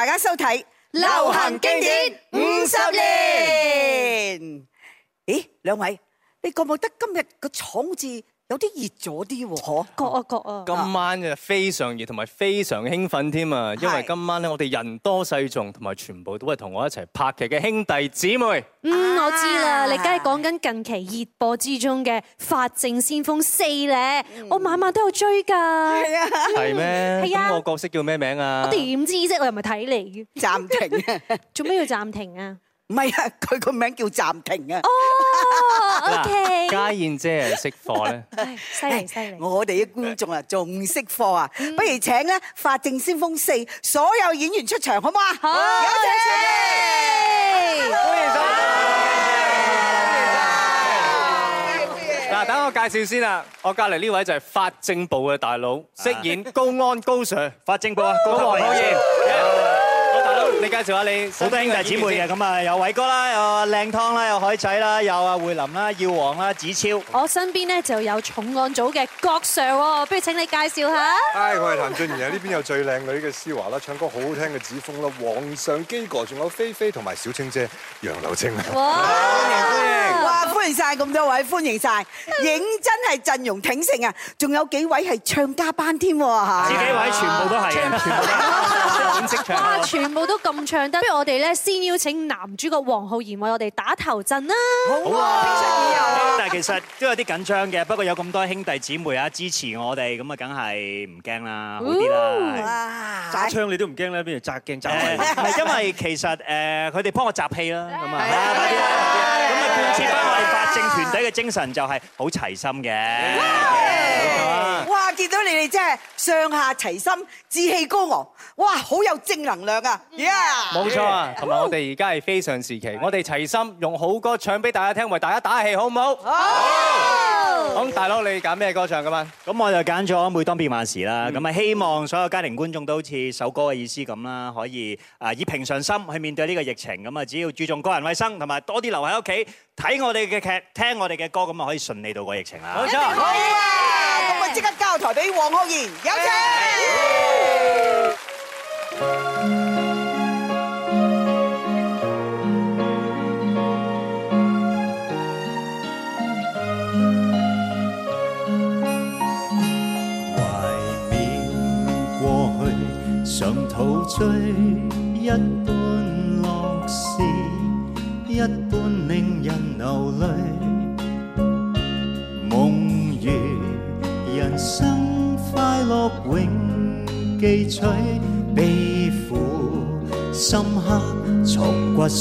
大家收睇流行經典五十年。咦，兩位，你覺唔覺得今日個廠子？有啲熱咗啲喎，吓！覺啊覺啊！今晚嘅非常熱，同埋非常興奮添啊！因為今晚咧，我哋人多勢眾，同埋全部都係同我一齊拍劇嘅兄弟姊妹。嗯，我知啦，唉你梗係講緊近期熱播之中嘅《法證先鋒四》咧，我晚晚都有追㗎。係嗎啊？係咩？咁我角色叫咩名啊？我哋點知啫？我又唔係睇你。暫停。做咩要暫停啊？唔係啊，佢個名叫暫停啊。哦，OK。嘉燕姐識貨咧，犀利犀利。我哋啲觀眾啊，仲識貨啊，不如請咧《法證先鋒四》所有演員出場，好唔好啊？好。歡迎晒。嗱，等我介紹先啦。我隔離呢位就係法證部嘅大佬，飾演高安高 Sir，法證部啊。黃浩然。你介紹下你好多兄弟姊妹嘅，咁啊有偉哥啦，有靚湯啦，有海仔啦，有阿滙林啦，耀煌啦，子超。我身邊呢，就有重案組嘅郭 Sir，不如請你介紹下。唉，我係譚俊彥啊！呢邊有最靚女嘅施嬅啦，唱歌好好聽嘅子豐啦，皇上基哥，仲有菲菲同埋小青姐楊柳青。哇！歡迎，哇！歡迎晒咁多位，歡迎晒！影真係陣容挺盛啊！仲有幾位係唱家班添喎嚇？幾位全部都係，全部都識唱。哇！全部都。咁唱得，不如我哋咧先邀請男主角黃浩然為我哋打頭陣啦。好啊！但係其實都有啲緊張嘅，不過有咁多兄弟姊妹啊支持我哋，咁啊梗係唔驚啦，好啲啦。揸槍你都唔驚咧，鑕鑕是邊度揸鏡揸。係因為其實誒佢哋幫我集氣啦，咁啊。咁啊貫徹翻我哋法證團隊嘅精神就係好齊心嘅。哇！見到你哋真係上下齊心、志氣高昂，哇！好有正能量啊！Yeah，冇錯。同埋我哋而家係非常時期，我哋齊心用好歌唱俾大家聽，為大家打氣，好唔好？好。咁，大佬你揀咩歌唱㗎嘛？咁我就揀咗《每當變幻時》啦。咁啊，希望所有家庭觀眾都好似首歌嘅意思咁啦，可以啊，以平常心去面對呢個疫情。咁啊，只要注重個人衞生，同埋多啲留喺屋企睇我哋嘅劇、聽我哋嘅歌，咁啊，可以順利渡過疫情啦。冇錯，可以。我即刻交台俾黃浩然，有請。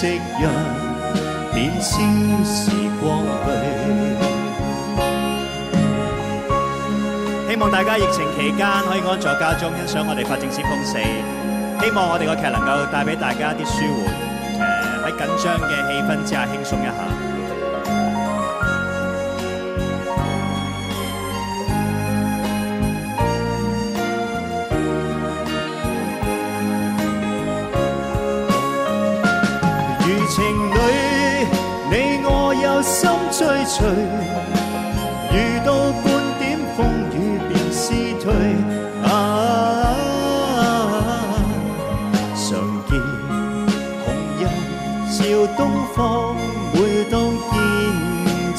時光，希望大家疫情期間可以安坐家中欣賞我哋法證先鋒四，希望我哋個劇能夠帶俾大家一啲舒緩，誒，喺緊張嘅氣氛之下輕鬆一下。光去。唔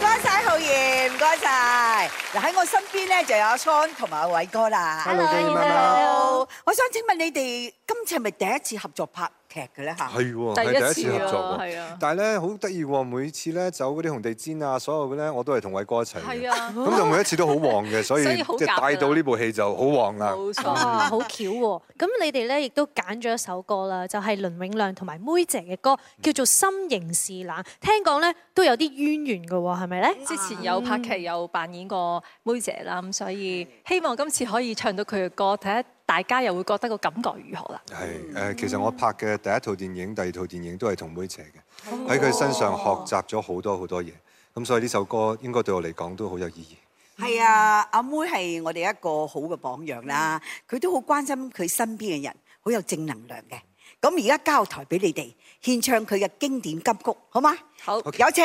該晒浩然，唔該晒。嗱，喺我身邊咧就有阿 Shaun 同埋阿偉哥啦。Hello，Hello。我想請問你哋。咁係咪第一次合作拍劇嘅咧？嚇，係喎，係第一次合作喎。是作對 但係咧好得意喎，每次咧走嗰啲紅地氈啊，所有嘅咧我都係同煒哥一齊嘅。係啊，咁就每一次都好旺嘅，所以即係帶到呢部戲就好旺啦。冇錯，好巧喎。咁你哋咧亦都揀咗一首歌啦，就係、是、倫永亮同埋妹姐嘅歌，叫做《心仍是冷》。聽講咧都有啲淵源嘅喎，係咪咧？嗯、之前有拍劇，有扮演過妹姐啦，咁所以希望今次可以唱到佢嘅歌，睇下。大家又會覺得個感覺如何啦？係誒，其實我拍嘅第一套電影、第二套電影都係同梅姐嘅，喺佢身上學習咗好多好多嘢。咁所以呢首歌應該對我嚟講都好有意義。係啊，阿梅係我哋一個好嘅榜樣啦。佢都好關心佢身邊嘅人，好有正能量嘅。咁而家交台俾你哋，獻唱佢嘅經典金曲，好嗎？好，有請。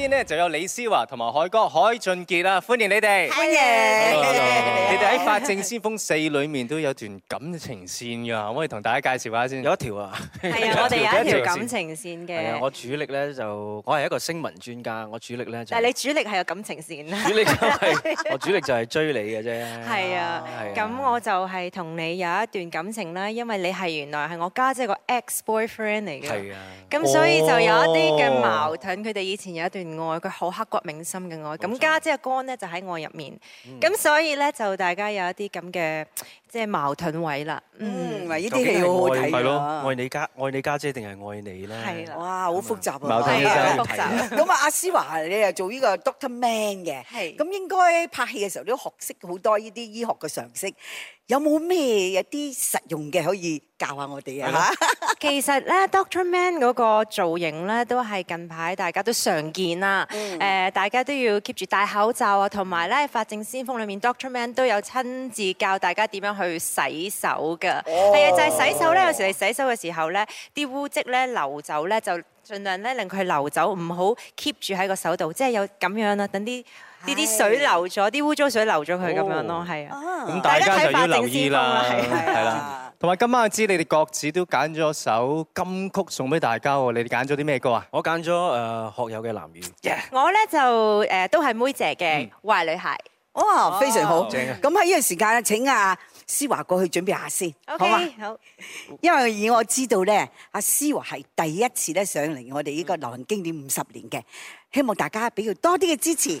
今日咧就有李施嬅同埋海哥、海俊傑啦，歡迎你哋。歡迎。你哋喺《法證先鋒四》裏面都有段感情線㗎，可唔可以同大家介紹下先？有一條啊。係啊，我哋有一條感情線嘅。我主力咧就，我係一個聲紋專家，我主力咧就。但係你主力係有感情線。主力因為我主力就係追你嘅啫。係啊。咁我就係同你有一段感情啦，因為你係原來係我家姐個 ex boyfriend 嚟嘅。係啊。咁所以就有一啲嘅矛盾，佢哋以前有一段。愛佢好刻骨銘心嘅愛，咁錯家姐嘅肝咧就喺愛入面，咁、嗯、所以咧就大家有一啲咁嘅。即係矛盾位啦，嗯，呢啲戲好好睇㗎。愛你家，愛你家姐定係愛你咧？係啦，哇，好複雜，複雜啊，咁啊，阿思華你又做呢個 Doctor Man 嘅，係了，咁應該拍戲嘅時候都學識好多呢啲醫學嘅常識，有冇咩嘢啲實用嘅可以教下我哋啊？了其實咧 Doctor Man 嗰個造型咧都係近排大家都常見啦，誒、嗯，大家都要 keep 住戴口罩啊，同埋咧《法證先鋒裡》裏面 Doctor Man 都有親自教大家點樣。去洗手噶，係啊！就係、是、洗手咧。有時你洗手嘅時候咧，啲污漬咧流走咧，就盡量咧令佢流走，唔好 keep 住喺個手度。即係有咁樣啦，等啲啲啲水流咗，啲是的 污糟水流咗佢咁樣咯，係啊、哦對。咁大家就要留意啦，係啊，係啦。同埋今晚我知你哋各自都揀咗首金曲送俾大家喎。你哋揀咗啲咩歌啊？我揀咗誒學友嘅藍雨。我咧就誒都係妹姐嘅壞女孩。哇，非常好。咁喺呢個時間咧，請啊！思嬅過去準備下先，好吧，好嗎？好，因為以我知道咧，阿思嬅係第一次咧上嚟我哋呢個流行經典五十年嘅，希望大家俾佢多啲嘅支持。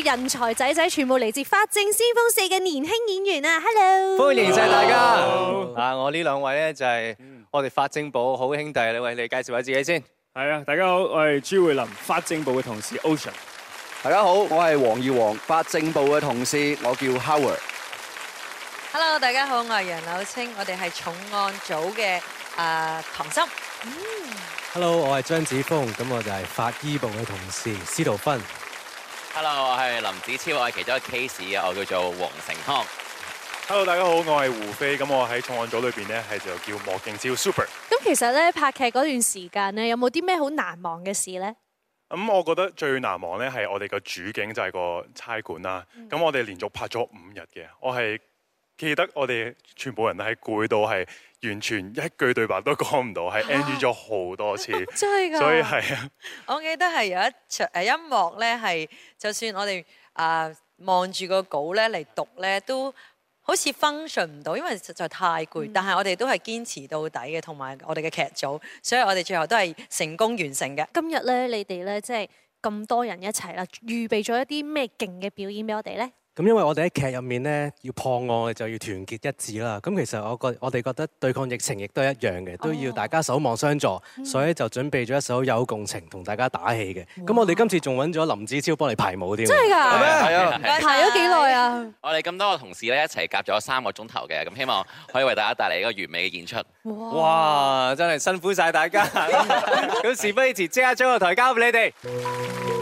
人才仔仔全部嚟自法證先鋒四嘅年輕演員啊！Hello，歡迎晒大家。啊，Hello. 我呢兩位呢，就係我哋法證部好兄弟，嗯、兩位你介紹下自己先。係啊，大家好，我係朱滙林，法證部嘅同事 Ocean。大家好，我係黃耀煌，法證部嘅同事，我叫 Howard。Hello，大家好，我係楊柳青，我哋係重案組嘅、uh, 唐心。Hello，我係張子豐。咁我就係法醫部嘅同事司徒芬。Hello，我係林子超，我係其中一個 case，我叫做黃成康。Hello，大家好，我係胡飛，咁我喺重案組裏邊咧係就叫莫敬超 Super。咁其實咧拍劇嗰段時間咧有冇啲咩好難忘嘅事咧？咁我覺得最難忘咧係我哋個主景就係個差館啦。咁我哋連續拍咗五日嘅，我係記得我哋全部人喺攰到係。完全一句對白都講唔到，係 NG 咗好多次，真係㗎！所以係啊！我記得係有一場誒一幕咧，係就算我哋啊望住個稿咧嚟讀咧，都好似 function 唔到，因為實在太攰。嗯、但係我哋都係堅持到底嘅，同埋我哋嘅劇組，所以我哋最後都係成功完成嘅。今日咧，你哋咧即係咁多人一齊啦，預備咗一啲咩勁嘅表演俾我哋咧？咁因為我哋喺劇入面咧要破案，就要團結一致啦。咁其實我覺我哋覺得對抗疫情亦都一樣嘅，都要大家守望相助。所以就準備咗一首有共情同大家打氣嘅。咁我哋今次仲揾咗林子超幫你排舞添的嗎。真係㗎？係啊！排咗幾耐啊？我哋咁多個同事咧一齊夾咗三個鐘頭嘅，咁希望可以為大家帶嚟一個完美嘅演出。哇！真係辛苦晒大家。咁事不宜遲，即刻將個台交俾你哋。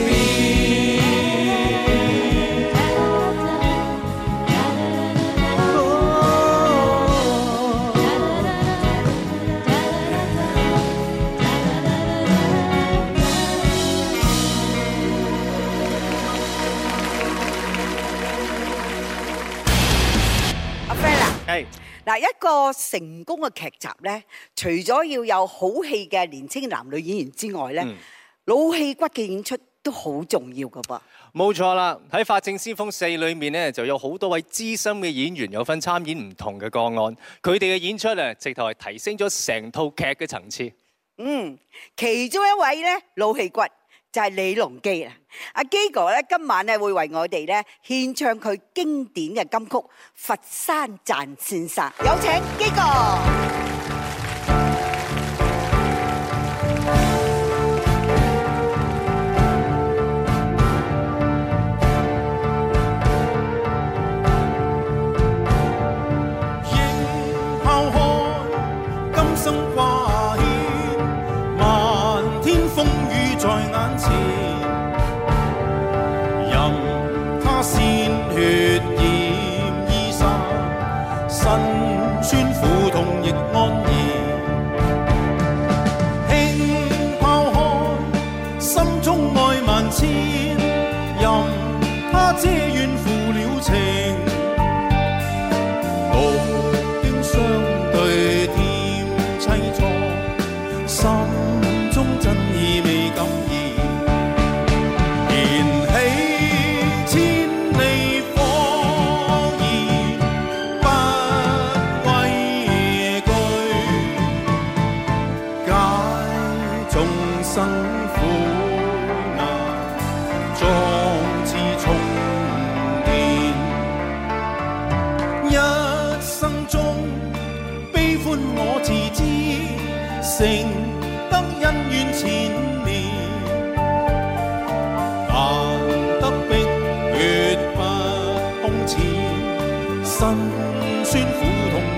嗱，一個成功嘅劇集咧，除咗要有好戲嘅年青男女演員之外咧，嗯、老戲骨嘅演出都好重要噶噃。冇錯啦，喺《法證先鋒四》裏面咧，就有好多位資深嘅演員有份參演唔同嘅個案，佢哋嘅演出咧，直頭係提升咗成套劇嘅層次。嗯，其中一位咧，老戲骨。就係李龍基啦，阿基哥咧今晚咧會為我哋咧獻唱佢經典嘅金曲《佛山讚先生》，有請基哥。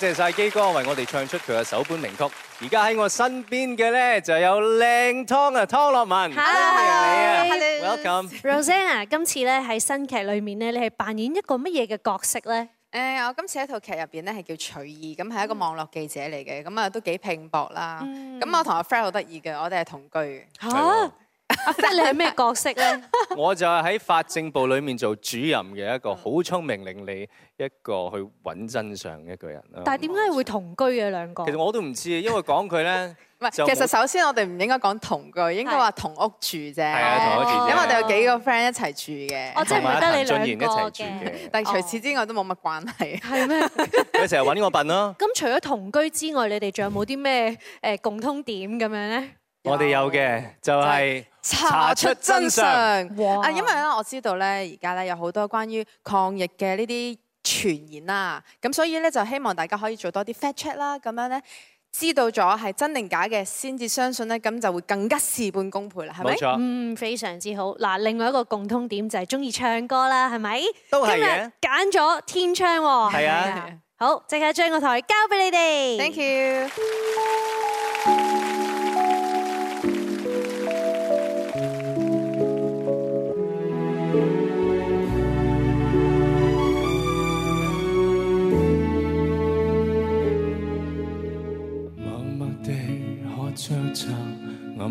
謝晒基哥為我哋唱出佢嘅首本名曲。而家喺我身邊嘅咧就有靚湯啊湯洛雯，歡迎你啊，welcome。Rosana，n 今次咧喺新劇裏面咧，你係扮演一個乜嘢嘅角色咧？誒、呃，我今次喺套劇入面咧係叫徐意，咁係一個網絡記者嚟嘅，咁啊都幾拼搏啦。咁、嗯、我同阿 friend 好得意嘅，我哋係同居。啊啊即係，你係咩角色咧？我就係喺法政部裏面做主任嘅一個好聰明伶俐一個去揾真相嘅一個人咯。但係點解會同居嘅兩個？其實我都唔知，因為講佢咧。唔係，其實首先我哋唔應該講同居，應該話同屋住啫。係啊，同屋住嘅，因為我哋有幾個 friend 一齊住嘅。哦，即係唔得你兩個嘅。但係除此之外都冇乜關係。係咩？佢成日揾我笨咯。咁除咗同居之外，你哋仲有冇啲咩誒共通點咁樣咧？我哋有嘅就係。查出真相，出真相啊！因為咧，我知道咧，而家咧有好多關於抗疫嘅呢啲傳言啦、啊。咁所以咧，就希望大家可以做多啲 fact check 啦，咁樣咧知道咗係真定假嘅，先至相信咧，咁就會更加事半功倍啦。係咪？冇錯。嗯，非常之好。嗱，另外一個共通點就係中意唱歌啦，係咪？都係嘅。今日揀咗天，天窗喎。係啊。好，即刻將個台交俾你哋。Thank you 謝。嗯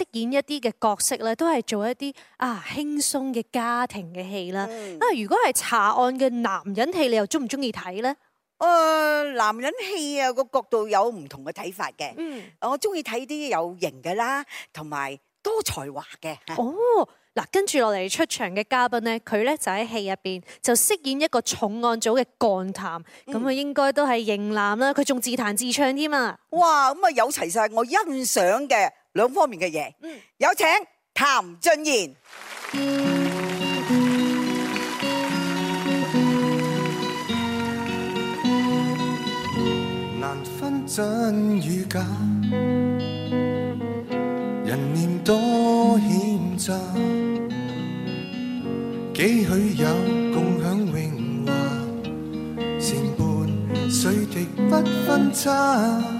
飾演一啲嘅角色咧，都係做一啲啊輕鬆嘅家庭嘅戲啦。啊，嗯、如果係查案嘅男人戲，你又中唔中意睇咧？誒、呃，男人戲啊，個角度有唔同嘅睇法嘅。嗯，我中意睇啲有型嘅啦，同埋多才華嘅。哦，嗱，跟住落嚟出場嘅嘉賓咧，佢咧就喺戲入邊就飾演一個重案組嘅幹探，咁啊、嗯、應該都係型男啦。佢仲自彈自唱添啊！哇，咁啊有齊晒我欣賞嘅。兩方面嘅嘢，有請譚俊彥。難分真與假，人面多險詐，幾許有共享榮華，簷畔水滴不分差。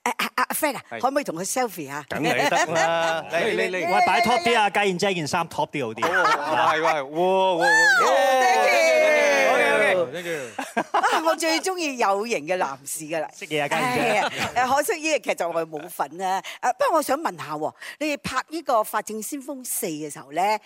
可唔可以同佢 selfie 啊？梗係得啦！你你你，我擺 top 啲啊！家燕姐件衫 top 啲好啲。係喎，哇哇哇！我最中意有型嘅男士噶啦，識嘢啊家燕姐。誒，可惜呢個劇集我係冇份啊！誒，不過我想問下喎，你哋拍呢個《法證先鋒四》嘅時候咧？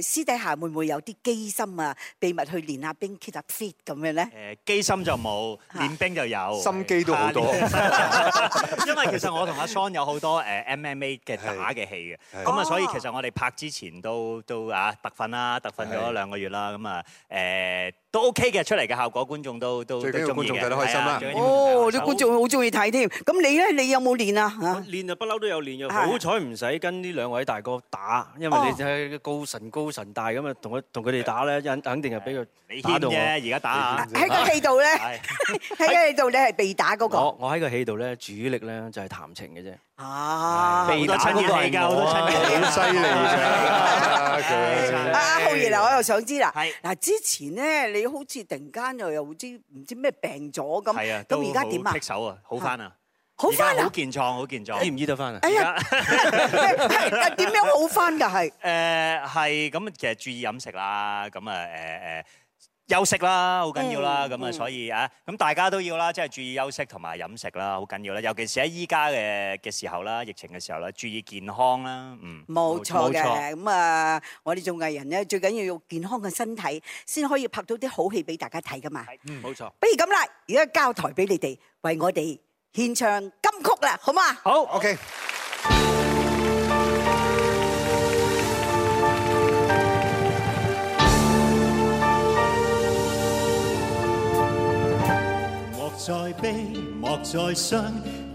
私底下會唔會有啲機心啊、秘密去練下兵、keep fit 咁樣咧？誒，機心就冇，練兵就有，啊、心機都好多、啊。因為其實我同阿 Son 有好多誒 MMA 嘅打嘅戲嘅，咁啊，所以其實我哋拍之前都都啊特訓啦，特訓咗兩個月啦，咁啊誒都 OK 嘅，出嚟嘅效果觀眾都都最緊要觀眾睇得開心啦。哦，啲對觀眾好中意睇添。咁你咧，你有冇練啊？我練就不嬲都有練，是的 好彩唔使跟呢兩位大哥打，因為你睇高神高高神大咁啊，同佢同佢哋打咧，肯肯定係俾佢打到嘅。而家打喺個戲度咧，喺個戲度咧係被打嗰個。我我喺個戲度咧，主力咧就係談情嘅啫。啊，好多親熱，好犀利阿浩然啊！我又想知啦。係嗱，之前咧，你好似突然間又又唔知唔知咩病咗咁，咁而家點啊？棘手啊！好返啊！好翻啊！好健壯，好健壯。醫唔醫得翻啊？哎呀，點樣好翻㗎？係誒，係咁其實注意飲食啦，咁啊誒誒休息啦，好緊要啦。咁啊，所以啊，咁大家都要啦，即係注意休息同埋飲食啦，好緊要啦。尤其是喺依家嘅嘅時候啦，疫情嘅時候啦，注意健康啦。嗯，冇錯嘅。咁啊，我哋做藝人咧，最緊要用健康嘅身體，先可以拍到啲好戲俾大家睇㗎嘛。嗯，冇錯。不如咁啦，而家交台俾你哋，為我哋，獻唱金曲啦，好嘛？好，OK。莫再悲，莫再傷。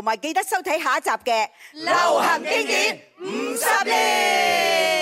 同埋記得收睇下一集嘅流行經典五十年。